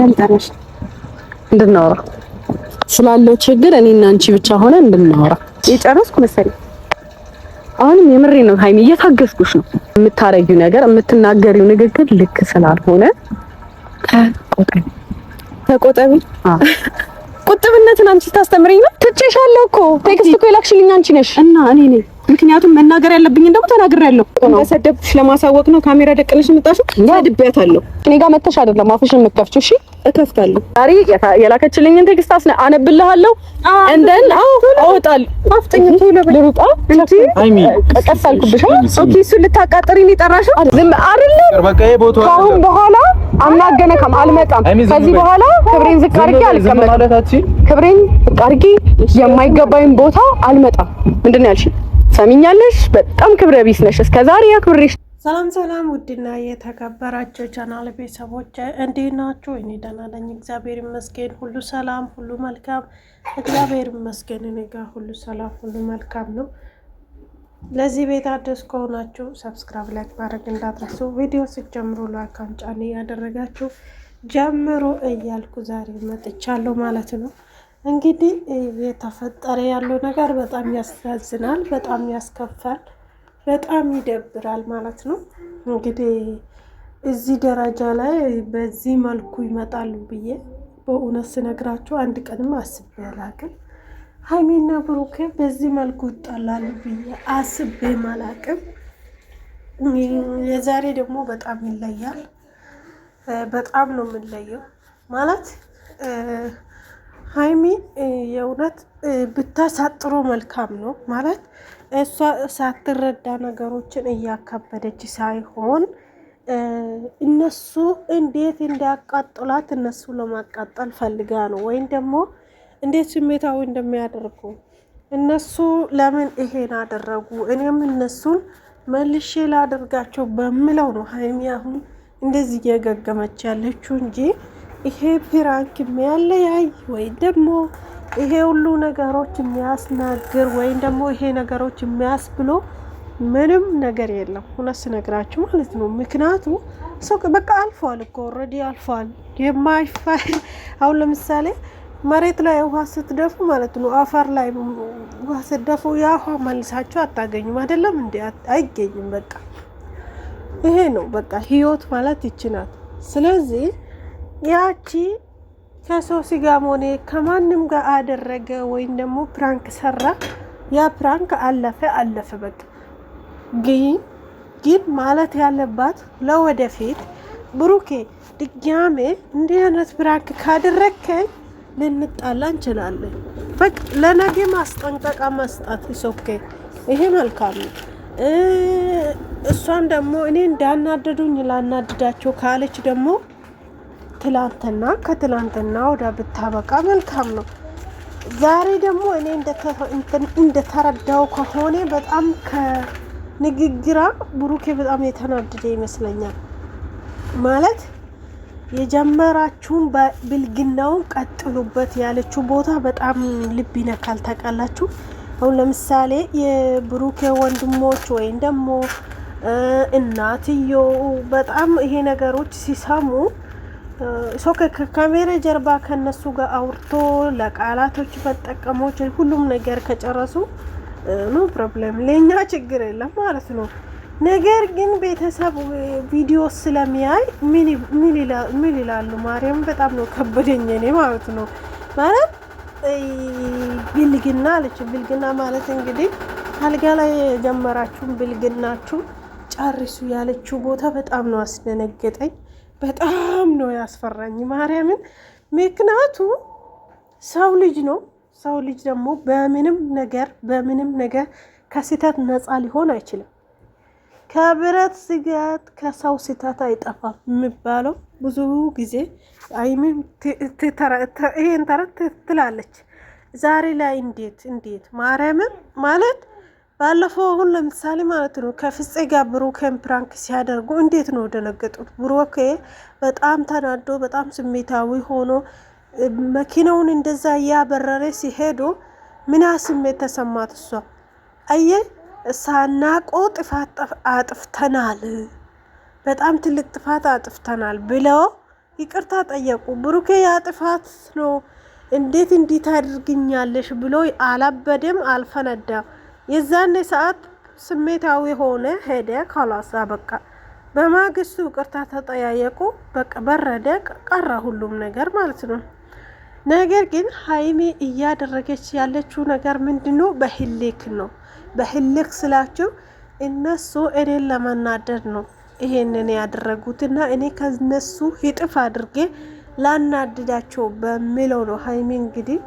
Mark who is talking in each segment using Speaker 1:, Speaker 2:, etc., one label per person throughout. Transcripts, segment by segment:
Speaker 1: ለምጠራሽ እንድናወራ ስላለው ችግር እኔ እና አንቺ ብቻ ሆነ እንድናወራ
Speaker 2: የጨረስኩ መሰለኝ።
Speaker 1: አሁንም የምሬ ነው ሀይሚ፣ እየታገስኩሽ ነው። የምታረጊው ነገር የምትናገሪው ንግግር ልክ ስላልሆነ ተቆጠቢ፣ ቁጥብነትን አንቺ ታስተምረኝ ነው ትቼሻለሁ እኮ ቴክስት እኮ የላክሽልኝ አንቺ ነሽ እና እኔ ነኝ ምክንያቱም መናገር ያለብኝን ደግሞ ተናግሬያለሁ።
Speaker 2: እንደሰደብኩሽ ለማሳወቅ ነው ካሜራ ደቅነሽ የምጣሽው።
Speaker 1: ሰድቤያታለሁ። እኔ ጋር መተሽ አይደለም አፍሽን የምትከፍቺው። እሺ እከፍታለሁ። ዛሬ የላከችልኝን ቴክስት አስነ አነብልሃለሁ። እንደን አውጣል አፍጥኝ ቶሎ ልሩጣ እንጂ ቀስ አልኩብሽ። ኦኬ እሱን ልታቃጥሪ ነው የጠራሽው? ዝም አይደለም። ከአሁን በኋላ አምናገነካም አልመጣም። ከዚህ በኋላ ክብሬን ዝቅ አድርጌ
Speaker 2: አልቀመጥም።
Speaker 1: ክብሬን ዝቅ አድርጌ የማይገባኝ ቦታ አልመጣም። ምንድን ነው ያልሽኝ? ሰሚኛለሽ፣ በጣም ክብረ ቢስ ነሽ። እስከ ዛሬ አክብሬሽ ሰላም ሰላም፣ ውድና የተከበራቸው ቻናል ቤተሰቦች እንዴት ናችሁ? እኔ ደህና ነኝ፣ እግዚአብሔር ይመስገን። ሁሉ ሰላም፣ ሁሉ መልካም፣ እግዚአብሔር ይመስገን። እኔ ጋር ሁሉ ሰላም፣ ሁሉ መልካም ነው። ለዚህ ቤት አዲስ ከሆናችሁ ሰብስክራይብ፣ ላይክ ማድረግ እንዳትረሱ። ቪዲዮ ስትጀምሩ ላይክ ጫን ያደረጋችሁ ጀምሮ እያልኩ ዛሬ መጥቻለሁ ማለት ነው። እንግዲህ እየተፈጠረ ያለው ነገር በጣም ያሳዝናል፣ በጣም ያስከፋል፣ በጣም ይደብራል ማለት ነው። እንግዲህ እዚህ ደረጃ ላይ በዚህ መልኩ ይመጣሉ ብዬ በእውነት ስነግራቸው አንድ ቀንም አስቤ አላቅም። ሀይሜና ብሩኬ በዚህ መልኩ ይጣላሉ ብዬ አስቤ አላቅም። የዛሬ ደግሞ በጣም ይለያል። በጣም ነው የምንለየው ማለት ሀይሚ የእውነት ብታሳጥሮ መልካም ነው ማለት እሷ ሳትረዳ ነገሮችን እያከበደች ሳይሆን እነሱ እንዴት እንዳቃጥላት እነሱ ለማቃጠል ፈልጋ ነው፣ ወይም ደግሞ እንዴት ስሜታዊ እንደሚያደርጉ እነሱ ለምን ይሄን አደረጉ እኔም እነሱን መልሼ ላደርጋቸው በምለው ነው ሀይሚ አሁን እንደዚህ እየገገመች ያለችው እንጂ ይሄ ፕራንክ የሚያለያይ ወይም ደግሞ ይሄ ሁሉ ነገሮች የሚያስናግር ወይም ደግሞ ይሄ ነገሮች የሚያስ ብሎ ምንም ነገር የለም። እውነት ስነግራችሁ ማለት ነው። ምክንያቱ ሰው በቃ አልፏል እኮ ኦልሬዲ አልፏል። የማይፋ አሁን ለምሳሌ መሬት ላይ ውሃ ስትደፉ ማለት ነው፣ አፈር ላይ ውሃ ስትደፉ ያ ውሃ መልሳችሁ አታገኙም። አይደለም እንዲ አይገኝም። በቃ ይሄ ነው በቃ ህይወት ማለት ይችናት። ስለዚህ ያቺ ከሶሲ ጋር ሆነ ከማንም ጋር አደረገ ወይም ደግሞ ፕራንክ ሰራ፣ ያ ፕራንክ አለፈ አለፈ በቃ። ግን ግን ማለት ያለባት ለወደፊት ብሩኬ ድጋሜ እንዲህ አይነት ፕራንክ ካደረከኝ ልንጣላ እንችላለን። በቃ ለነገ ማስጠንቀቃ መስጣት ሶኬ ይሄ መልካም ነው። እሷን ደግሞ እኔ እንዳናደዱኝ ላናድዳቸው ካለች ደግሞ ትላንትና ከትላንትና ወዳ ብታበቃ መልካም ነው። ዛሬ ደግሞ እኔ እንደተረዳው ከሆነ በጣም ከንግግራ ብሩኬ በጣም የተናደደ ይመስለኛል። ማለት የጀመራችሁን ብልግናውን ቀጥሉበት ያለችው ቦታ በጣም ልብ ይነካል። ታውቃላችሁ አሁን ለምሳሌ የብሩኬ ወንድሞች ወይም ደግሞ እናትዮ በጣም ይሄ ነገሮች ሲሰሙ ሶከ ከካሜራ ጀርባ ከነሱ ጋር አውርቶ ለቃላቶች መጠቀሞች ሁሉም ነገር ከጨረሱ ኖ ፕሮብለም፣ ለእኛ ችግር የለም ማለት ነው። ነገር ግን ቤተሰብ ቪዲዮ ስለሚያይ ምን ይላሉ? ማርያም በጣም ነው ከበደኝ እኔ ማለት ነው። ማለት ብልግና አለች። ብልግና ማለት እንግዲህ አልጋ ላይ የጀመራችሁን ብልግናችሁ ጨርሱ ያለችው ቦታ በጣም ነው አስደነገጠኝ። በጣም ነው ያስፈራኝ ማርያምን። ምክንያቱ ሰው ልጅ ነው። ሰው ልጅ ደግሞ በምንም ነገር በምንም ነገር ከስህተት ነፃ ሊሆን አይችልም። ከብረት ስጋት ከሰው ስህተት አይጠፋም የሚባለው ብዙ ጊዜ አይምን ይህን ተረት ትላለች። ዛሬ ላይ እንዴት እንዴት ማርያምን ማለት ባለፈው አሁን ለምሳሌ ማለት ነው ከፍጼ ጋር ብሩኬን ፕራንክ ሲያደርጉ እንዴት ነው ደነገጡት። ብሩኬ በጣም ተናዶ በጣም ስሜታዊ ሆኖ መኪናውን እንደዛ እያበረረ ሲሄዱ ምና ስሜት ተሰማት እሷ። አየ ሳናቆ ጥፋት አጥፍተናል፣ በጣም ትልቅ ጥፋት አጥፍተናል ብለው ይቅርታ ጠየቁ። ብሩኬ ያ ጥፋት ነው እንዴት አድርግኛለሽ ብሎ አላበደም፣ አልፈነዳም የዛኔ ሰዓት ስሜታዊ ሆነ ሄደ። ካላሳ በቃ በማግስቱ ቅርታ ተጠያየቁ። በቃ በረደ ቀረ ሁሉም ነገር ማለት ነው። ነገር ግን ሀይሚ እያደረገች ያለችው ነገር ምንድነው? በህልክ ነው። በህልክ ስላቸው እነሱ እኔን ለመናደድ ነው ይሄንን ያደረጉትና እኔ ከነሱ ሂጥፍ አድርጌ ላናድዳቸው በሚለው ነው ሀይሚ እንግዲህ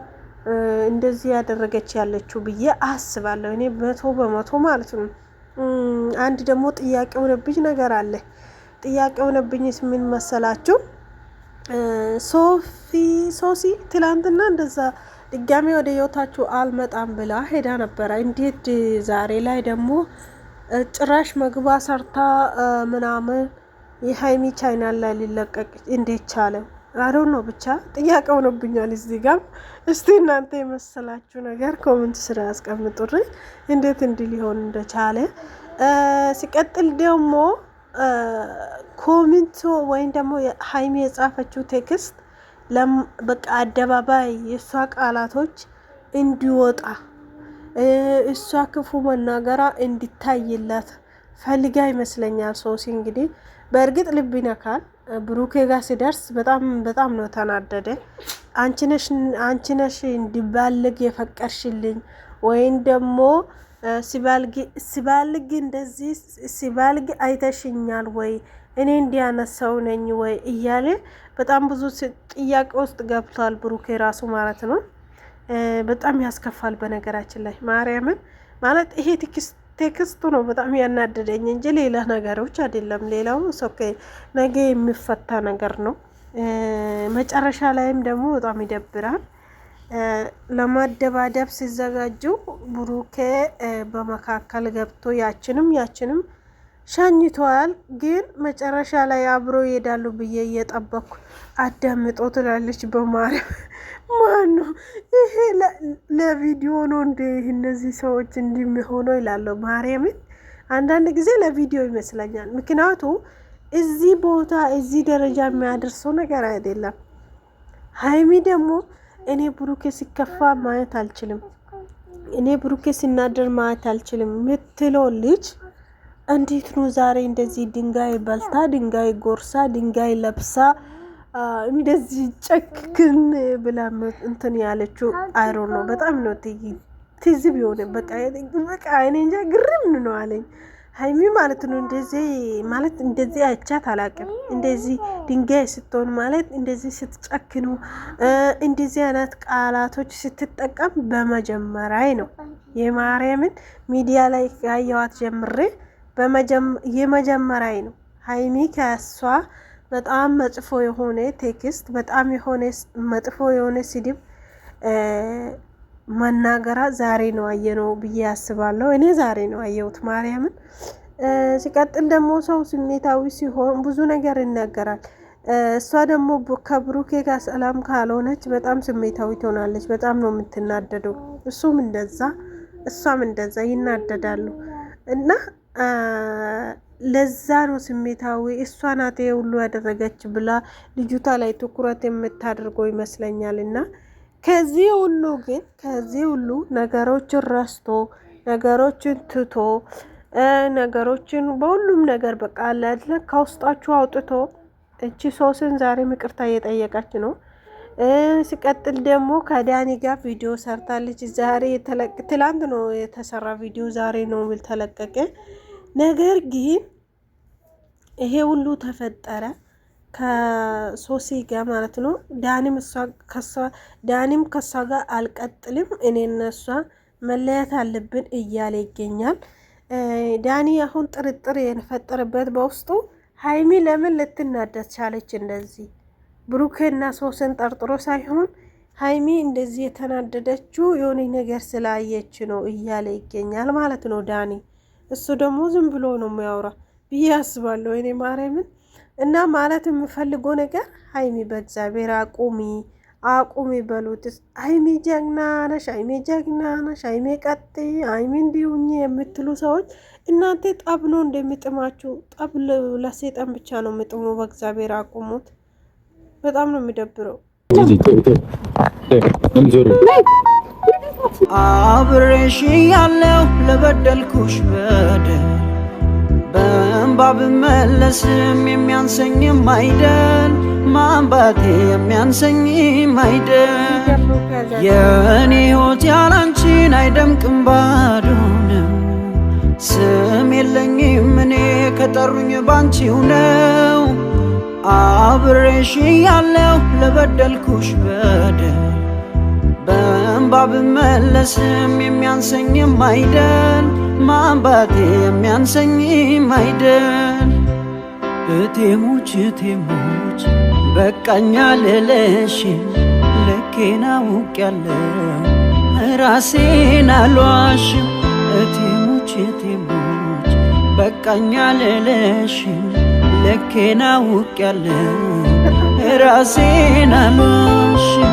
Speaker 1: እንደዚህ ያደረገች ያለችው ብዬ አስባለሁ። እኔ መቶ በመቶ ማለት ነው። አንድ ደግሞ ጥያቄ የሆነብኝ ነገር አለ። ጥያቄ ሆነብኝስ ምን መሰላችሁ? ሶፊ ሶሲ ትላንትና እንደዛ ድጋሜ ወደ ህይወታችሁ አልመጣም ብላ ሄዳ ነበረ። እንዴት ዛሬ ላይ ደግሞ ጭራሽ መግባ ሰርታ ምናምን የሀይሚ ቻይና ላይ ሊለቀቅ እንዴት ቻለም? አረው ነው ብቻ ጥያቄ ሆኖብኛል። እዚህ ጋር እስቲ እናንተ የመሰላችሁ ነገር ኮመንት ስራ ያስቀምጡልኝ፣ እንዴት እንዲህ ሊሆን እንደቻለ። ሲቀጥል ደግሞ ኮሚንቶ ወይም ደግሞ ሀይሚ የጻፈችው ቴክስት በቃ አደባባይ የእሷ ቃላቶች እንዲወጣ እሷ ክፉ መናገራ እንዲታይላት ፈልጋ ይመስለኛል። ሶሲ እንግዲህ በእርግጥ ልብ ይነካል። ብሩኬ ጋር ሲደርስ በጣም በጣም ነው ተናደደ። አንቺ ነሽ እንዲባልግ የፈቀድሽልኝ ወይም ደግሞ ሲባልግ እንደዚህ ሲባልግ አይተሽኛል ወይ እኔ እንዲያነሳው ነኝ ወይ እያለ በጣም ብዙ ጥያቄ ውስጥ ገብቷል ብሩኬ ራሱ ማለት ነው። በጣም ያስከፋል። በነገራችን ላይ ማርያምን ማለት ይሄ ቴክስት ቴክስቱ ነው በጣም ያናደደኝ እንጂ ሌላ ነገሮች አይደለም። ሌላው ሶኬ ነገ የሚፈታ ነገር ነው። መጨረሻ ላይም ደግሞ በጣም ይደብራል። ለማደባደብ ሲዘጋጁ ብሩኬ በመካከል ገብቶ ያችንም ያችንም ሸኝቷል። ግን መጨረሻ ላይ አብሮ ይሄዳሉ ብዬ እየጠበኩ አዳምጦ ትላለች። በማርያም ማኑ ይሄ? ለቪዲዮ ነው እንደ እነዚህ ሰዎች እንዲሚሆነው ይላለሁ። ማርያምን አንዳንድ ጊዜ ለቪዲዮ ይመስለኛል። ምክንያቱ እዚህ ቦታ እዚህ ደረጃ የሚያደርሰው ነገር አይደለም። ሀይሚ ደግሞ እኔ ብሩኬ ሲከፋ ማየት አልችልም፣ እኔ ብሩኬ ሲናደር ማየት አልችልም ምትለው ልጅ እንዴት ነው ዛሬ እንደዚህ ድንጋይ በልታ ድንጋይ ጎርሳ ድንጋይ ለብሳ እንደዚህ ጨክክን ብላ እንትን ያለችው አይሮ ነው። በጣም ነው ትዝ ቢሆን በቃ በቃ አይኔ እንጃ ግርም ነው አለኝ። ሀይሚ ማለት ነው እንደዚህ ማለት እንደዚህ አይቻት አላቅም። እንደዚህ ድንጋይ ስትሆን ማለት እንደዚህ ስትጨክኑ እንደዚህ አይነት ቃላቶች ስትጠቀም በመጀመሪያ ነው የማርያምን ሚዲያ ላይ ያየዋት ጀምሬ የመጀመሪያ ነው። ሀይሚ ከሷ በጣም መጥፎ የሆነ ቴክስት፣ በጣም የሆነ መጥፎ የሆነ ስድብ መናገራ ዛሬ ነው አየነው ብዬ አስባለሁ። እኔ ዛሬ ነው አየሁት ማርያምን። ሲቀጥል ደግሞ ሰው ስሜታዊ ሲሆን ብዙ ነገር ይናገራል። እሷ ደግሞ ከብሩኬ ጋር ሰላም ካልሆነች በጣም ስሜታዊ ትሆናለች። በጣም ነው የምትናደደው። እሱም እንደዛ እሷም እንደዛ ይናደዳሉ እና ለዛ ነው ስሜታዊ እሷ ናት ሁሉ ያደረገች ብላ ልጅቷ ላይ ትኩረት የምታደርገው ይመስለኛል። እና ከዚህ ሁሉ ግን ከዚህ ሁሉ ነገሮችን ረስቶ ነገሮችን ትቶ ነገሮችን በሁሉም ነገር በቃ አለ ከውስጣችሁ አውጥቶ እቺ ሶስን ዛሬ ምቅርታ እየጠየቀች ነው ሲቀጥል ደግሞ ከዳኒ ጋር ቪዲዮ ሰርታለች። ዛሬ ትላንት ነው የተሰራ ቪዲዮ ዛሬ ነው ሚል ተለቀቀ። ነገር ግን ይሄ ሁሉ ተፈጠረ ከሶሲ ጋር ማለት ነው። ዳኒም እሷ ዳኒም ከሷ ጋር አልቀጥልም እኔ እነሷ መለያት አለብን እያለ ይገኛል። ዳኒ አሁን ጥርጥር የፈጠረበት በውስጡ ሀይሚ ለምን ልትናደድ ቻለች እንደዚህ ብሩክና ሶስን ጠርጥሮ ሳይሆን ሀይሚ እንደዚህ የተናደደችው የሆነ ነገር ስላየች ነው እያለ ይገኛል ማለት ነው ዳኒ። እሱ ደግሞ ዝም ብሎ ነው የሚያወራ ብዬ አስባለሁ እኔ ማርያምን። እና ማለት የምፈልገው ነገር ሀይሚ በእግዚአብሔር አቁሚ አቁሚ በሉት። ሀይሚ ጀግና ነሽ፣ ሀይሚ ጀግና ነሽ፣ ሀይሚ ቀጥ፣ ሀይሚ እንዲሁኝ የምትሉ ሰዎች እናንተ ጠብ ነው እንደሚጥማችሁ። ጠብ ለሴጠን ብቻ ነው የምጥሙ። በእግዚአብሔር አቁሙት። በጣም ነው የሚደብረው። አብሬሽ ያለው ለበደልኩሽ በደል በእንባ ብመለስም የሚያንሰኝም አይደል ማንባቴ የሚያንሰኝም አይደል የእኔ ሕይወት ያላንቺን አይደምቅም ባዶንም ስም የለኝም እኔ ከጠሩኝ ባንቺ ነው አብሬሽ ያለው ለበደልኩሽ በደል በእንባ ብመለስም የሚያንሰኝም አይደል ማንባቴ የሚያንሰኝም አይደል እቴሞች እቴሞች በቃኛ ልለሽ ልኬን አውቄያለሁ ራሴን አልዋሽም እቴሞች እቴሞች በቃኛ ልለሽ ልኬን አውቄያለሁ ራሴን አምሽ